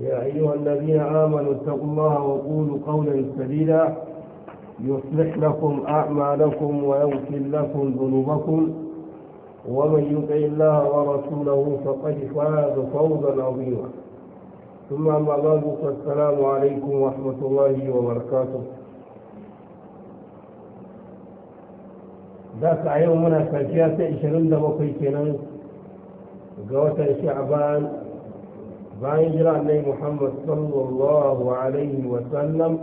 يا أيها الذين آمنوا اتقوا الله وقولوا قولا سديدا يصلح لكم أعمالكم ويغفر لكم ذنوبكم ومن يطع الله ورسوله فقد فاز فوزا عظيما ثم أما بعد فالسلام عليكم ورحمة الله وبركاته ذاك يومنا فالجاسة 27 كينا قوة شعبان bayan jira annai muhammad sallallahu alaihi wasallam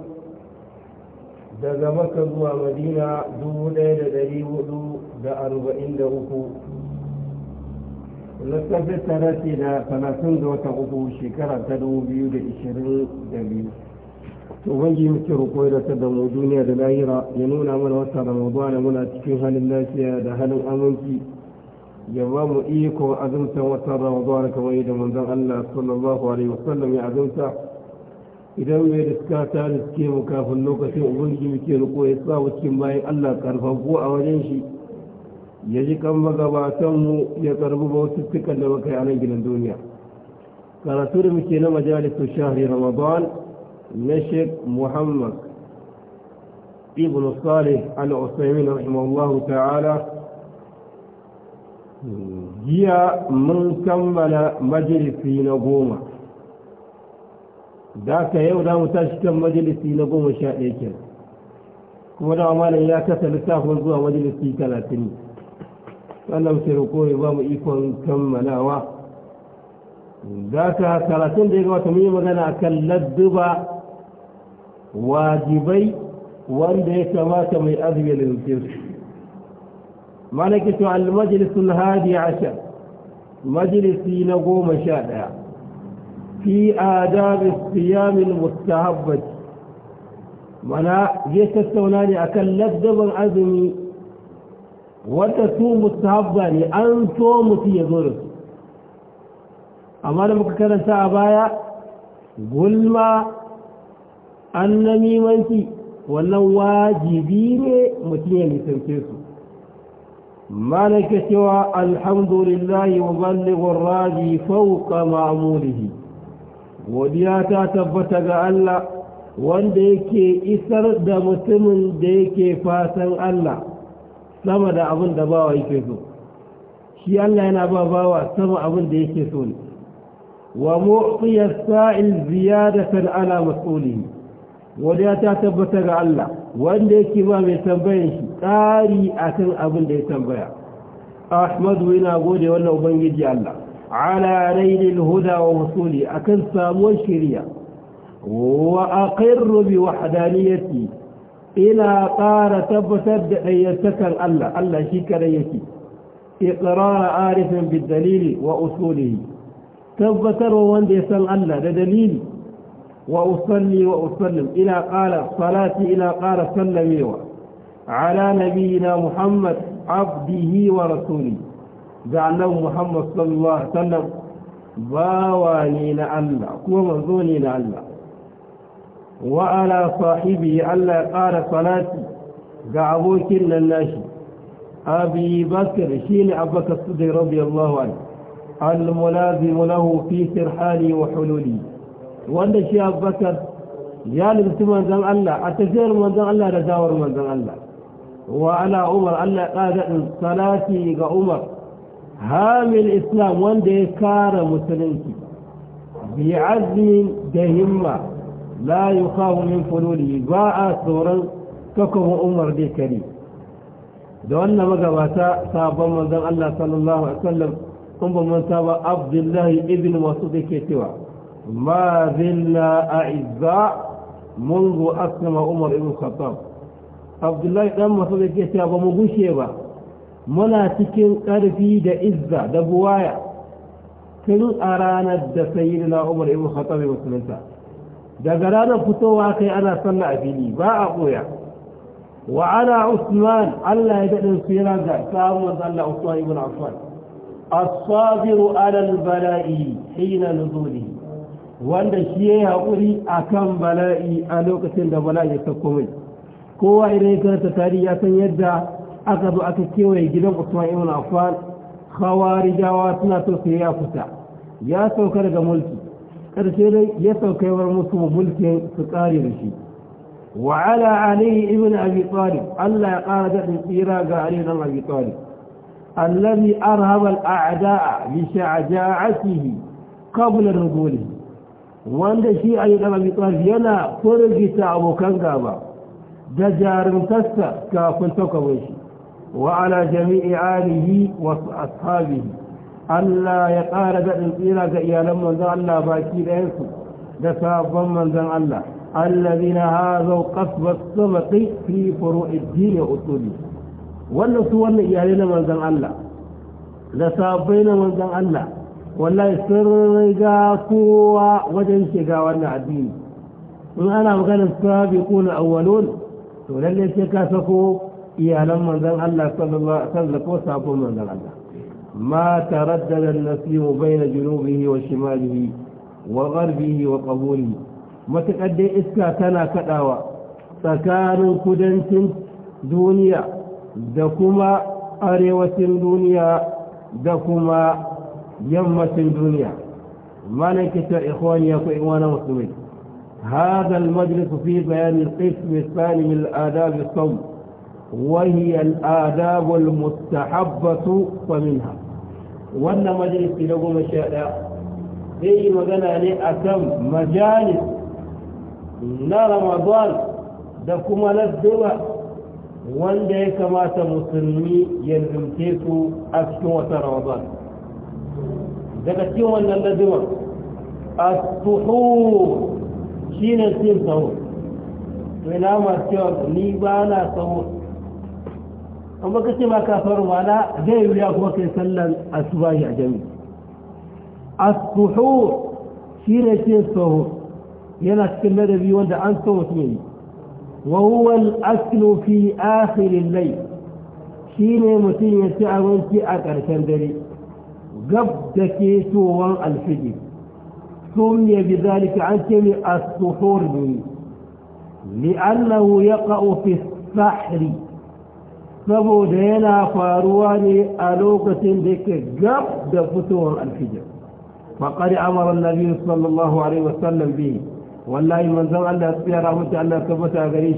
daga maka zuwa madina dubu ɗaya da ɗari hudu da arba'in da uku lissafi tare ce da talatin da wata uku shekara ta dubu biyu da ishirin da biyu to bangi muke roƙo da ta damu duniya da lahira ya nuna mana wata ramadana muna cikin halin lafiya da halin aminci يوم إيكو أذنت وترى وضارك وإيد من ذن الله صلى الله عليه وسلم أذنت إذا ويرسكا تارسكي مكافل نوكسي أغنجي مكي نقو إصلا وكي الله كارفا بوا أوجنشي يجي كم بغا باتم يقرب بوسطك اللوكا يعني جل الدنيا قال سورة مكينا مجالس الشهر رمضان نشك محمد ابن الصالح العثيمين رحمه الله تعالى jiya mun kammala majalisi na goma da ka yau za mu tashi majalisi na goma sha ɗaya ke kuma da malam ya kasa littafin zuwa majalisi talatin wannan sai roko ba mu ikon kammalawa za ka talatin da ya gabata mun yi magana a kan ladduba wajibai wanda ya kamata mai azumi da to al-majlisul hadi ashar majalisi na goma sha ɗaya fi adabin siyamin mustahabbati mana zai tattauna ne akan laddaban azumi wanda su mustahabba ne an so mutu ya zo da su amma da muka karanta a baya gulma an namimanci wannan wajibi ne mutum ya nisance su مالك سوى الحمد لله مبلغ الراجي فوق معموله ودياتا تبتغى الله wanda yake isar da mutumin da yake fatan Allah sama da abin da bawa yake so shi Allah yana ba bawa sama abin da yake so ne wa ala mas'ulihi wanda ta tabbata ga Allah wanda yake ba mai tambayan shi tsari a kan abin da ya tambaya ahmadu yana gode wannan ubangiji Allah ala railil huda wa wasuli akan samuwar shari'a wa aqirru bi wahdaniyati ila qara tabbatar da ayyatakan Allah Allah shi kare yake iqrar arifin bid dalili wa usulihi tabbatar wanda ya san Allah da dalili وأصلي وأسلم إلى قال صلاتي إلى قال سلمي على نبينا محمد عبده ورسوله جعله محمد صلى الله عليه وسلم باواني لألا كو منظوني لألا وعلى صاحبه ألا قال صلاتي قعبوك الناشي أبي بكر شين أبك الصدي رضي الله عنه الملازم له في سرحاني وحلولي wanda shi abubakar ya lubci manzan Allah a tafiyar manzan Allah da dawar manzan Allah wa ala umar Allah ƙadaɗin salati ga umar hamil islam wanda ya kara musulunci bi azmin da himma la yi min fuloli ba a tsoron kakawar umar dai kare da wannan magabata sabon manzan Allah sallallahu Alaihi wasallam kuma ba saba abdullahi ibn masu da ke cewa ما زلنا أعزاء منذ أسلم عمر بن الخطاب عبد الله بن مسعود yake ba mu bushe ba muna cikin ƙarfi da izza da buwaya tun a ranar da sayyidina Umar ibn Khattab musulunta daga ranar fitowa kai ana sallah a fili ba a koya wa Usman Allah ya daɗin su yana ga samun Allah Usman ibn Affan wanda shi ya yi haƙuri a kan bala'i a lokacin da bala'i ya sauko mai kowa idan ya karanta tarihi ya san yadda aka zo aka kewaye gidan usman ibn affan khawarijawa suna so su ya fita ya sauka daga mulki ƙarshe dai ya sauka yawar musu mulkin su ƙare da shi wa ala ali ibn abi talib Allah ya ƙara daɗin tsira ga ali ibn abi talib allazi arhaba al-a'da'a bi shaja'atihi qabla nuzulihi wanda shi a yi ƙarfi yana kurgita abokan gaba da jarumtarsa kafin takwabin shi wa ala jami'i alihi wa ashabihi Allah ya ƙara daɗin tsira ga iyalan manzan Allah baki ɗayansu da sabon manzan Allah na هاذوا ƙasbar sabaƙi fi فروع الدين usuli wannan su wannan iyalai na manzan Allah da sabai na manzan Allah wallahi sun riga kowa wajen shiga wannan addini in ana maganar sabiqun awwalun to lalle sai ka sako iyalan manzon Allah sallallahu alaihi wasallam ko sabon manzon Allah ما تردد النسيم بين جنوبه وشماله وغربه وقبوله متقدي اسكا تنا كداوا تكان كدنتين دنيا دكما arewacin duniya da kuma يمة الدنيا من كتا إخواني يا إخوانا مسلمين هذا المجلس في بيان القسم الثاني من الآداب الصوم وهي الآداب المستحبة فمنها وأن مجلس لكم الشهداء في مدنة إيه لأسم مجالس لا لرمضان دكما للدواء وأن ليس مات مسلمي يلزم كيسو أسكوة رمضان daga cikin wannan lazimar as-suhur shine cin sahur to ina ma cewa ni ba na sahur an baka ce ba ka sahur ma na zai wuya kuma kai sallan asubahi a jami as-suhur shine cin sahur yana cikin ladabi wanda an so mutum yi wa huwa al-aslu fi akhir al-layl shine mutum ya ci abinci a ƙarshen dare قبضه كيتوان الحديد سمي بذلك عن كمي السحور لأنه يقع في السحر دينا فارواني ألوكة ذيك قبض فتوان الحديد فقال أمر النبي صلى الله عليه وسلم به والله من زمع الله تبير أمتي أن أثبت أغريش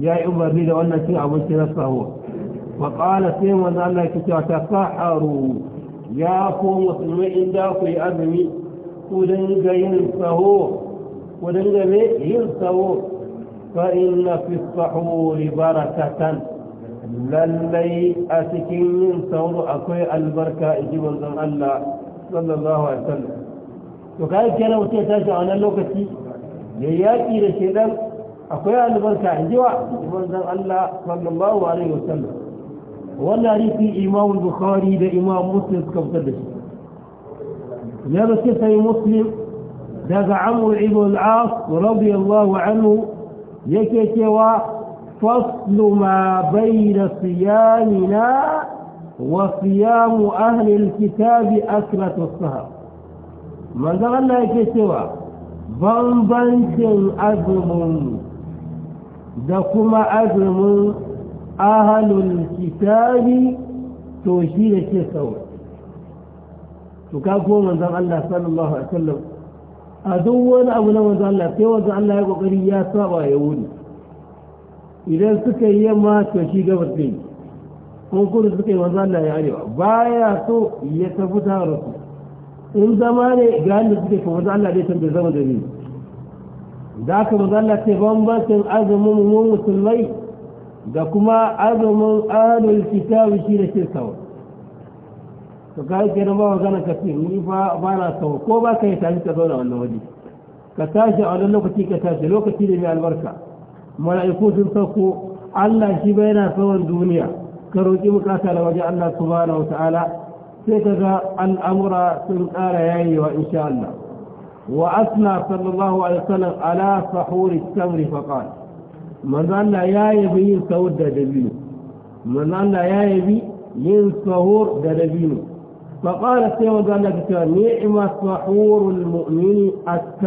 يا أمر ليد أن أثبت أمتي نفسه فقال سيما أن أثبت أثبت أثبت ya ko musulmai in da ku yi azumi ku dinga yin saho ku dinga me yin saho fa inna fi sahuri barakatan lallai a cikin yin sahur akwai albarka ji manzon Allah sallallahu alaihi wasallam to kai kenan mutum ya tashi a wannan lokaci ya yaki da shedan akwai albarka inji wa manzon Allah sallallahu alaihi wasallam ولا ريتي إمام البخاري ده إمام مسلم كفتدس يا بسيطة مسلم ده عمر عبد العاص رضي الله عنه يكتوى فصل ما بين صيامنا وصيام أهل الكتاب أكلة الصهر ماذا قال لها يكتوى بانبانتن أزمون دكما أزمون ahalul kitabi to shi da ke sauwa to ka ko manzon Allah sallallahu alaihi wasallam a duk wani abu na manzon Allah sai wanzan Allah ya kokari ya saba ya wuri idan suka yi yamma to shi gabas ne kun kudu suka yi manzon Allah ya arewa baya so ya tafi ta rasu in zama ne ga hannun suke kuma manzon Allah dai tambaye zama da ni da aka manzon Allah sai ban bambancin azumin mu musulmai da kuma azumin ahlul kitabi shi da ke sawa to ka ke nan ba magana ka ce ni fa ba na sawa ko ba ka yi tashi ka zauna wannan waje ka tashi a wannan lokaci ka tashi lokaci da mai albarka mala'iku sun sauko Allah shi bai yana sawan duniya ka roƙi bukata da waje Allah subhanahu wa ta'ala sai ka ga al'amura sun ƙara yayewa insha Allah wa asna sallallahu alaihi wasallam ala sahuri tamri faqala manzo Allah ya yabi yin sahur da dabino manzo Allah ya yabi yin sahur da dabino fa qala sai manzo Allah ya ce ni'ma sahurul mu'mini at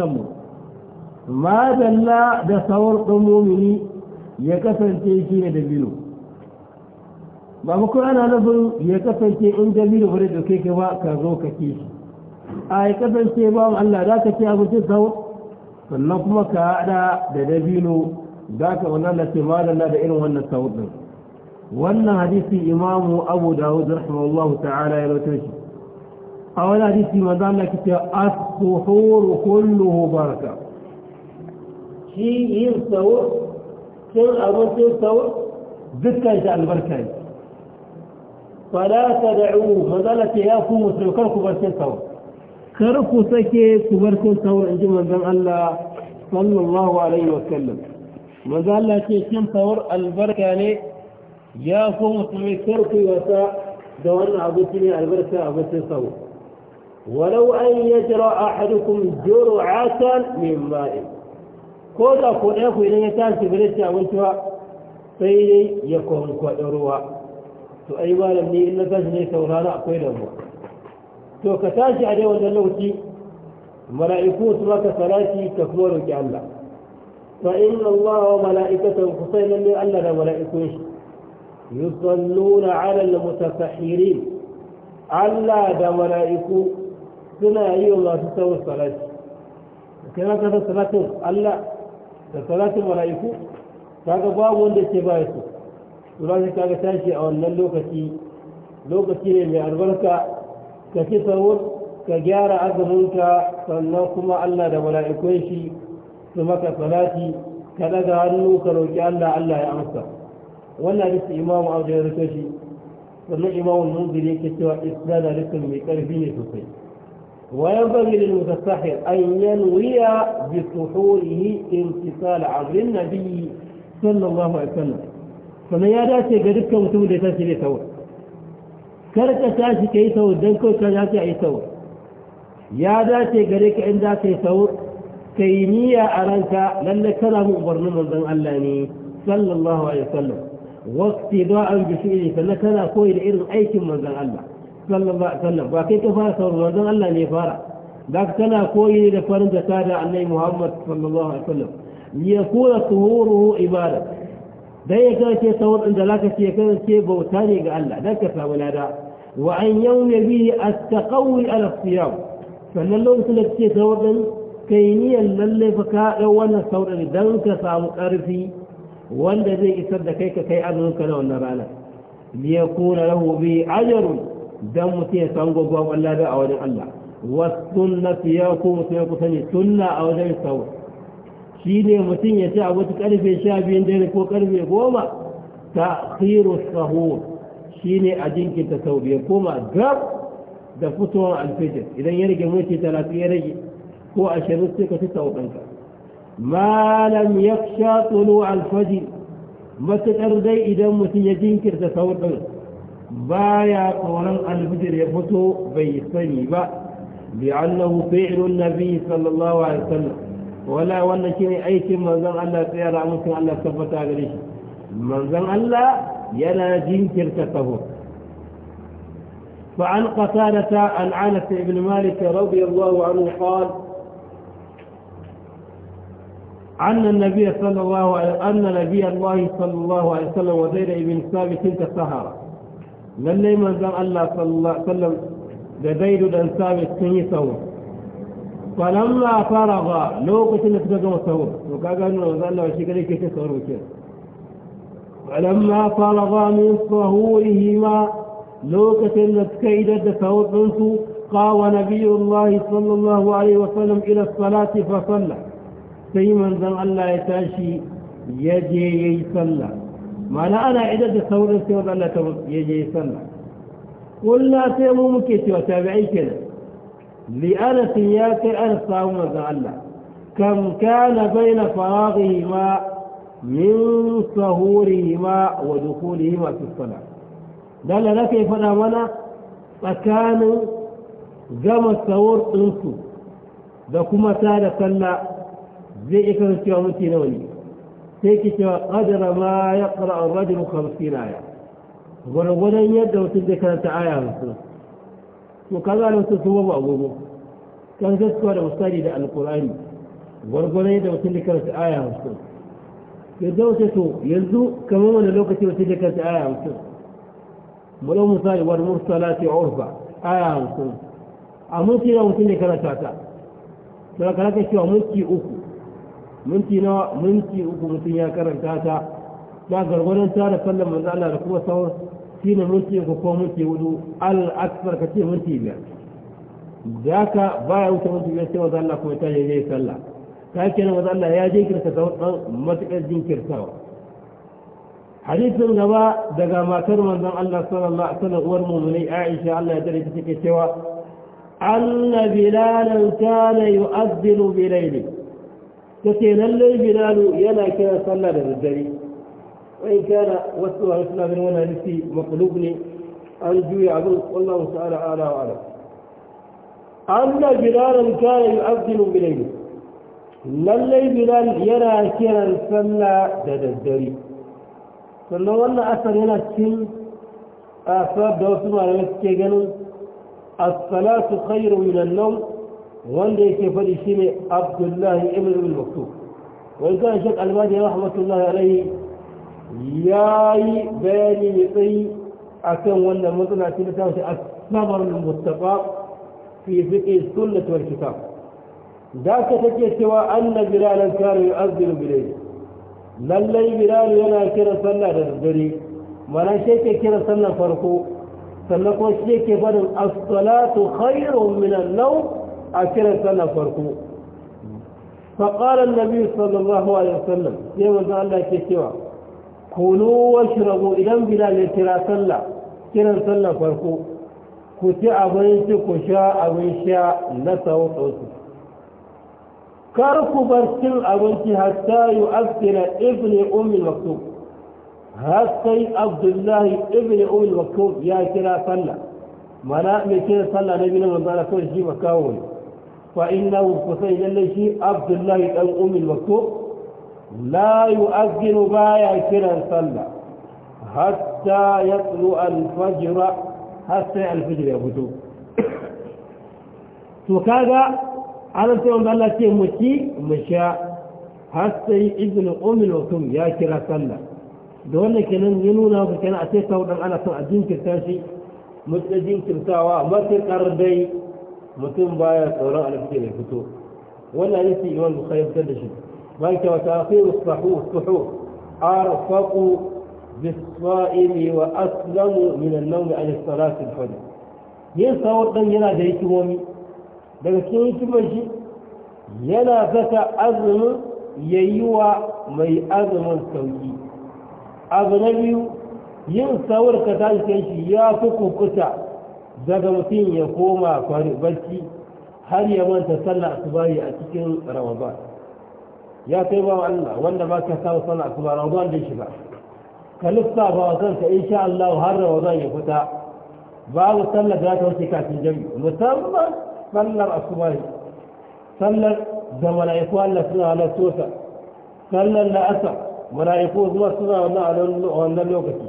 ma dalla da sahur din mu'mini ya kasance shi ne dabino ba mu ana nufin ya kasance in dabino bare da kai ba ka zo ka ci shi a ya kasance ba Allah za ka ci abincin sahur sannan kuma ka hada da dabino da ka wannan na ce madalla da irin wannan sahur din wannan hadisi imamu abu dawud rahimahullahu ta'ala ya rawaito shi a wani hadisi manzo Allah ke cewa as-suhur kulluhu baraka shi yin sahur cin abincin sahur dukkan shi albarka ne fala tad'u manzo Allah ce ya ku musulkar ku bar cin kar ku sake ku barcin cin in ji manzon Allah sallallahu alaihi wa sallam وقال لها تيشن طور البركة لي يعني يا فهم تميكر في وساء دوان عبتني البركة عبتني صور ولو أن يجرى أحدكم جرعة من ماء كودا فوريخو إلينا كان تبريتي أولتها فيلي يكون كأروا تو أيوالا مني إلا تجني تورانا أقويل أمو تو كتاشي عليه وزنوتي ملائكو تراك صلاتي تكبر جعلنا فإن الله وملائكته خصيما من أننا ملائكوش يصلون على المتفحرين ألا دا ملائكو سنة أيوة ما تسوي الصلاة كما كانت صلاة ألا صلاة الملائكو kaga babu wanda ke ba su tura sai kaga tashi a wannan lokaci lokaci ne mai albarka ka ci sahur ka gyara azuminka sannan kuma Allah da mala'ikun shi su maka salati ka daga hannu ka roƙi Allah Allah ya amsa wannan hadisi imamu abu ya rika shi sannan imamu munziri yake cewa da rikin mai karfi ne sosai Wayan yanbaghi lil mutasahhir an yanwiya bi suhurihi imtisal amrin nabiy sallallahu alaihi wasallam sannan ya dace ga dukkan mutum da ya tashi ne tawar kar ka tashi ka yi tawar don kawai ka dace a yi tawar ya dace gare ka in za ka yi tawar تيمية أرنك لأنك لا مؤبر نمر دم ألاني صلى الله عليه وسلم وقت دعاء بشئلي فأنك لا قوي لإرم أي كم من ألا صلى الله عليه وسلم باكيت فارة صلى الله عليه وسلم ذاك كان قوي لفرنجة تابع عني محمد صلى الله عليه وسلم ليكون طهوره عبادة دايه كان شيء صور عند لك شيء كان شيء بوتاني قال ذاك فاولا دا وعن يوم به التقوي على الصيام فلن لو قلت لك شيء kai niyyar lalle fa ka ɗau wannan saurin don ka samu ƙarfi wanda zai isar da kai ka kai azuminka na wannan rana liya kuna lahu bi ajarun don mutum ya san gwagwa Allah da a wajen Allah wasu na ya ko mutum ya kusa ne sunna a wajen sau shi ne mutum ya ci abu karfe sha biyun dare ko karfe goma ta khiru sahur shi ne a jinkinta sau biyar koma gab da fitowar alfijir idan ya rage minti talatin ya rage ko ashirin sai ka ci sau ɗanka malam ya sha tsolo alfaji matuƙar dai idan mutum ya jinkirta sau ɗin ba ya tsoron alfijir ya fito bai sani ba bi annahu fi'lun nabi sallallahu alaihi wasallam wala wannan shine aikin manzon Allah tsayara mutum Allah tabbata gare shi manzon Allah yana jinkirta sahur فعن قتالة عن عنس بن مالك رضي الله عنه قال أن النبي صلى الله عليه أن نبي الله صلى الله عليه وسلم وزيد بن ثابت السهرة لن يمن ذا الله صلى الله عليه وسلم لزيد بن ثابت سني سهر فلما فرغ لوقت نتقدم سهر وكاقا أنه صلى الله وشيك ليك تسهر وكير فلما فرغ من صهورهما لو لوقت نتكيد سهر قاوى نبي الله صلى الله عليه وسلم إلى الصلاة فصلى سيمن زن الله يتاشي يجي يصلى ما لا أنا عدد صور السيد الله يجي يصلى قل لا تيمو مكيتي وتابعي كده لأنا سياتي أنا صاوم زن الله كم كان بين فراغهما من صهورهما ودخولهما في الصلاة دل لك فلا منا فكانوا جمع الصور انسو كما تالا صلى zai iya kan cewa mutu nawa ne sai ki cewa adara ma ya ƙara an rajin hamsin aya gwargwadon yadda mutum zai karanta aya musu to ka zara mutum su babu agogo kan gaskiya da musali da alƙur'ani gwargwadon yadda mutum zai karanta aya musu yanzu wace to yanzu kamar wani lokaci wace zai karanta aya musu mu ɗau misali wani mursala ce urfa aya musu a mun mutum zai karanta ta. Sai ka shi cewa mulki uku minti nawa minti uku mutum ya karanta ta na gargwadon ta da sallan manzo Allah da kuma sahur shine minti uku ko minti hudu al akbar ce minti biyar da ka baya wuce minti biyar sai manzo Allah kuma ta je yayi sallah ta kenan manzo Allah ya je kirta sahur dan matakar jinkirtawa hadisin gaba daga matar manzon Allah sallallahu alaihi wasallam uwar mu'minai Aisha Allah ya dare ta take cewa anna bilalan kana yu'adhdhilu bilayli ta ce lallai bilalu yana kira sallah da daddare wani kana wasu wa suna ganin wani hadisi makulub ne an juya abin wallahu ta'ala ala wa ala anna bilalan kana yu'azzinu bilayli lallai bilal yana kiran sallah da daddare sannan wannan asar yana cikin asar da wasu malamai suke ganin as-salatu khairu min an-nawm wanda yake faɗi shi ne abdullahi ibn al wani kan shek albani rahmatullahi alaihi ya yi bayani mai tsayi a kan wannan matsala ce ta wasu asabar mustafa fi fiƙe sunnat wal kitab da ka take cewa anna bilalan kana yu'azziru bilayl lallai bilal yana kira sallah da daddare mana shi ke kira sallah farko sannan kuma shi yake faɗin as-salatu khairun min a kiran sallar farko faƙalar nabi sallallahu alaihi wasallam sai wanzu allah ke cewa kunu wa shirabu idan bilal ya kira sallah kiran sallar farko ku ci abinci ku sha abin sha na sauƙoƙi kar ku bar cin abinci hatta yi askira ibn umil maktub har sai abdullahi ibn umil maktub ya kira sallah mana mai kira sallah na biyu na manzana kawai shi ba kawo ne fa’ina wufu sai lallai shi abdullahi ɗan umil wato layu azginu ba ya kiran sallah hatta ya tsoro alfajira hasta ya alfajira ya fito to kaga ana sai wanda Allah ce muci musha hasta yi izini umil wato ya kira sallah da wannan kenan ya nuna wasu kenan a sai sau ɗan ana son a jinkirta shi mutu jinkirtawa matuƙar mutum baya tsoron alfitar mai fito wannan hadisi imam bukhari ya fitar da shi bayan cewa ta'khiru sahu suhu arfaqu bis wa aslamu min an-nawmi an salati al-fajr yin sawar dan yana da hikimomi daga cikin hikimar shi yana saka azumin yayi wa mai azumin sauki abu na biyu yin sawar ka ta shi ya fi kukuta daga mutum ya koma kwari barci har ya manta sallah asubahi a cikin ramadan ya kai ba Allah wanda ba ka samu sallah asuba ramadan din shi ba ka lissa ba wa kanka insha Allah har ramadan ya fita babu sallar da ta wuce kafin jami musamman sallar asubahi sallar da mala'iku Allah suna halattota sallar asa mala'iku zuwa suna wannan lokaci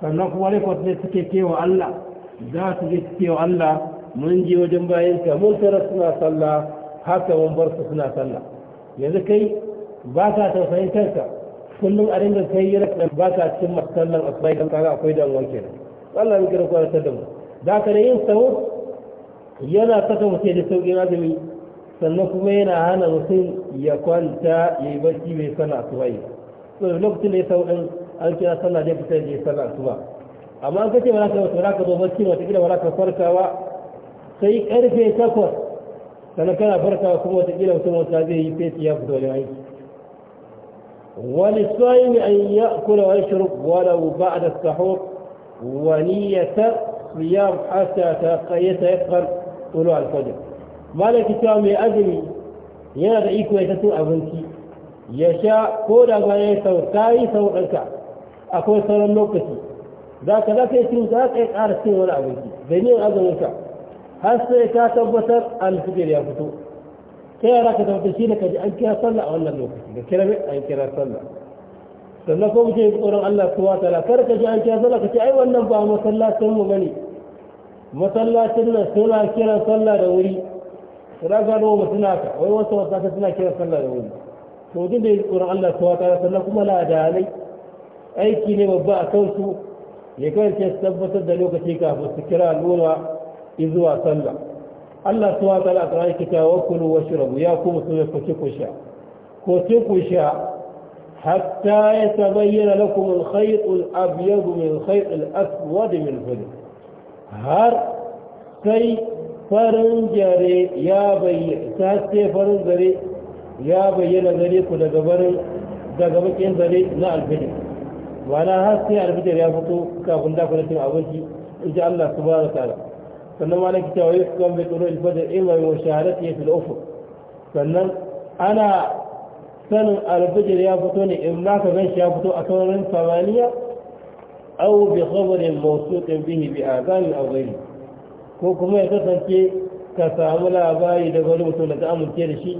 sannan kuma rikwat ne suke kewa Allah za su ji cewa Allah mun je wajen bayanka mun tara suna sallah haka mun bar su suna sallah yanzu kai ba ka tausayin kanka kullum a dinga kai yi rakan ba ka cikin masallan asbai kan kaga akwai wanke kenan Allah ya kira kwaratar da mu za ka da yin sau yana saka mutum da sauƙin azumi sannan kuma yana hana mutum ya kwanta ya yi barci mai sallah asuba so lokacin da ya sau ɗin an kira sallah zai fita da ya sallah asuba amma an kace ba za ka yi wata ka zo barci watakila ba za ka farkawa sai karfe takwas sana kana farkawa kuma wata mutum wata zai yi fesi ya fito wani aiki wani sa'imi an ya kula wani shirk wala ba da ya ta ya hasa ta ta ya kan tulu alfajir malaki cewa mai azumi yana da iko ya tattun abinci ya sha ko da ya sau ta yi sau ɗanka akwai sauran lokaci Za ka za ka yi cin za ka yi ƙara cin wani abinci da yin azumin ka har sai ka tabbatar alfijir ya fito ta yara ka tabbatar shi ne ka ji an kira sallah a wannan lokaci da kira mai an kira sallah sannan ko mutum tsoron Allah kuwa tala kar ka ji an kira sallah ka ce ai wannan ba masallacin mu bane masallacin nan suna kiran sallah da wuri suna gano mu suna ka wai wasu wasu suna kiran sallah da wuri to duk da tsoron Allah kuwa tala sannan kuma ladanai aiki ne babba a kansu ya ce tabbatar da lokaci kafin su kira lura izuwa sallah Allah su wa tsara a tsarar kita wa kulu wa shirabu ya kuma su ya kuci ku sha ko ci ku sha hatta ya tabayyana lakum al-khayt al-abyad min khayt al-aswad min hudu har sai farin jare ya bayyana sai farin zare ya bayyana gare ku daga barin daga bakin zare na alfidin ma'ana har sai alfitar ya fito kafin da cin abinci in ji Allah su ba da sannan ma na kita wa kan bai tsoro alfajar ilmai wa shahadat ya fil ufu sannan ana sanin alfitar ya fito ne in ma ka gan shi ya fito a sauran samaniya au bi khabarin mawsuqin bihi bi azan aw ghairi ko kuma ya kasance ka samu labari daga wani mutum da ta amince da shi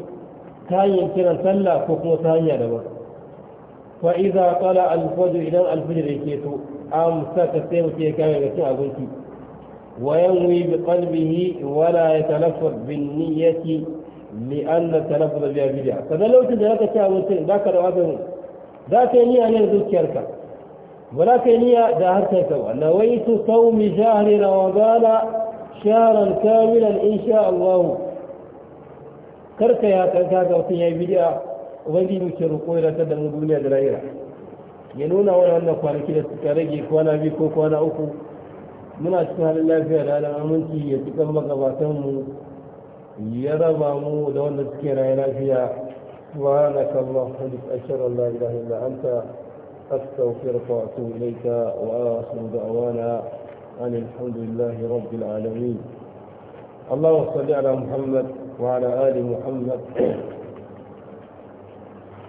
ta hanyar kiran sallah ko kuma ta hanya daban fa idza tala al-fajr idan al-fajr yake to amsaka sai mutum ya kame ga cin abinci wa yanwi bi qalbihi wa la yatalaffaz bin niyyati li anna talaffuz bi bid'a kada lokacin da zaka ci abinci zaka da wasan zaka yi niyya ne da zuciyarka ba za ka yi niyya da harkar ka ba nawaitu sawmi shahri ramadana shahran kamilan insha Allah karka ya kanka ga mutum ya yi bid'a ubangiji muke roƙo ya ta da duniya da lahira ya nuna wani wannan kwanaki da suka rage kwana biyu ko kwana uku muna cikin halin lafiya da halin aminci ya cikin magabatanmu ya raba mu da wanda suke raye lafiya سبحانك اللهم أشهد أن لا إله إلا أنت أستغفرك وأتوب إليك وآخر دعوانا أن الحمد لله رب العالمين اللهم صل على محمد وعلى آل محمد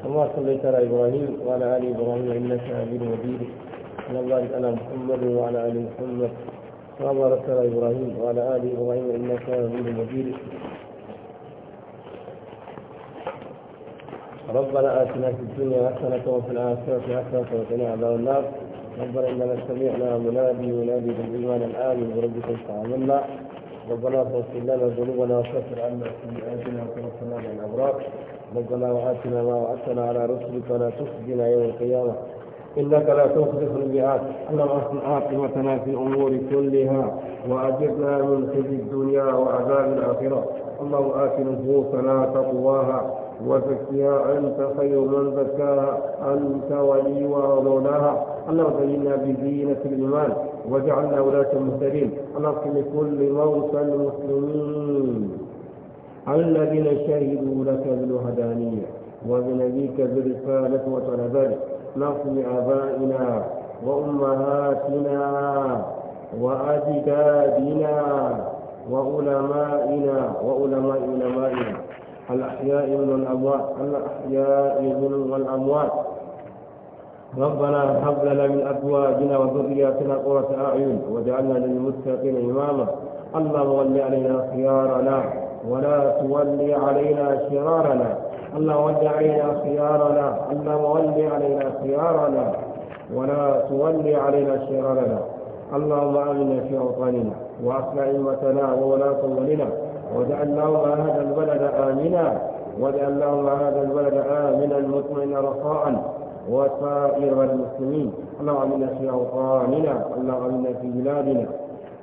اللهم صليت على إبراهيم وعلى آل إبراهيم إنك حميد مجيد اللهم بارك على محمد وعلى آل محمد كما رسول على إبراهيم وعلى آل إبراهيم إنك حميد مجيد ربنا آتنا في الدنيا حسنة وفي الآخرة حسنة وقنا عذاب النار ربنا إننا سمعنا منادي ينادي بالإيمان الآمن بربك فآمنا ربنا فاغفر لنا ذنوبنا وكفر عنا سيئاتنا وتوفنا مع الابرار ربنا واتنا ما وعدتنا على رسلك ولا تخزنا يوم القيامه انك لا تخلف الميعاد اللهم احسن عاقبتنا في الامور كلها واجرنا من خزي الدنيا وعذاب الاخره اللهم ات نفوسنا تقواها وزكيها أنت خير من زكاها أنت ولي ومولاها اللهم زينا بزينة الإيمان وجعلنا ولاة المهتدين اللهم لكل موتى المسلمين الذين شهدوا لك بالوهدانية وبنبيك بالرسالة وطلبات نصر آبائنا وأمهاتنا وأجدادنا وعلمائنا وعلماء علمائنا الأحياء والأموات الأحياء والأموات ربنا هب لنا من أزواجنا وذرياتنا قرة أعين واجعلنا للمتقين إماما اللهم ول علينا خيارنا ولا تولي علينا شرارنا اللهم ول علينا خيارنا اللهم ول علينا خيارنا ولا تولي علينا شرارنا اللهم آمنا في أوطاننا وأصلح أئمتنا وولاة أمورنا الله هذا البلد آمنا الله هذا البلد آمنا مطمئنا رخاء وسائر المسلمين اللهم آمنا في أوطاننا اللهم آمنا في بلادنا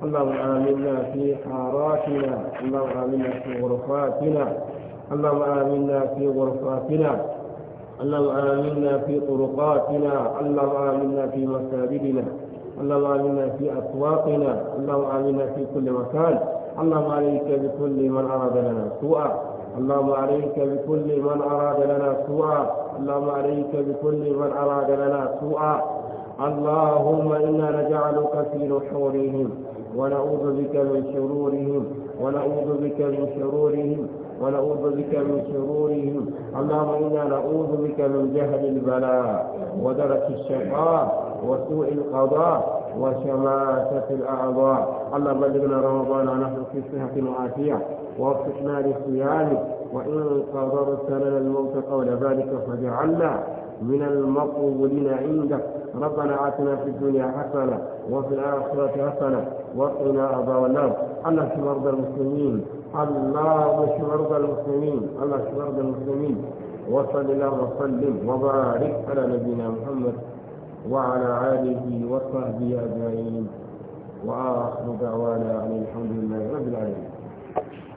اللهم آمنا في حاراتنا اللهم آمنا في غرفاتنا اللهم آمنا في غرفاتنا اللهم آمنا في طرقاتنا اللهم آمنا في مساجدنا اللهم آمنا في أسواقنا اللهم آمنا في كل مكان اللهم عليك بكل من أراد لنا سوءا اللهم عليك بكل من أراد لنا سوءا اللهم عليك بكل من أراد لنا سوءا اللهم إنا نجعلك في نحورهم ونعوذ بك من شرورهم ونعوذ بك من شرورهم ونعوذ بك من شرورهم اللهم إنا نعوذ بك من جهل البلاء ودرك الشقاء وسوء القضاء وشماتة الأعضاء اللهم بلغنا رمضان ونحن في صحة وعافية ووفقنا لصيامه وإن قدرت لنا الموت قول ذلك فاجعلنا من المقبولين عندك ربنا آتنا في الدنيا حسنة وفي الآخرة حسنة وقنا عذاب النار اللهم اشف مرضى المسلمين اللهم اشف مرضى المسلمين اللهم اشف مرضى المسلمين وصل الله وسلم وبارك على نبينا محمد وعلى آله وصحبه أجمعين وآخر دعوانا أن الحمد لله رب العالمين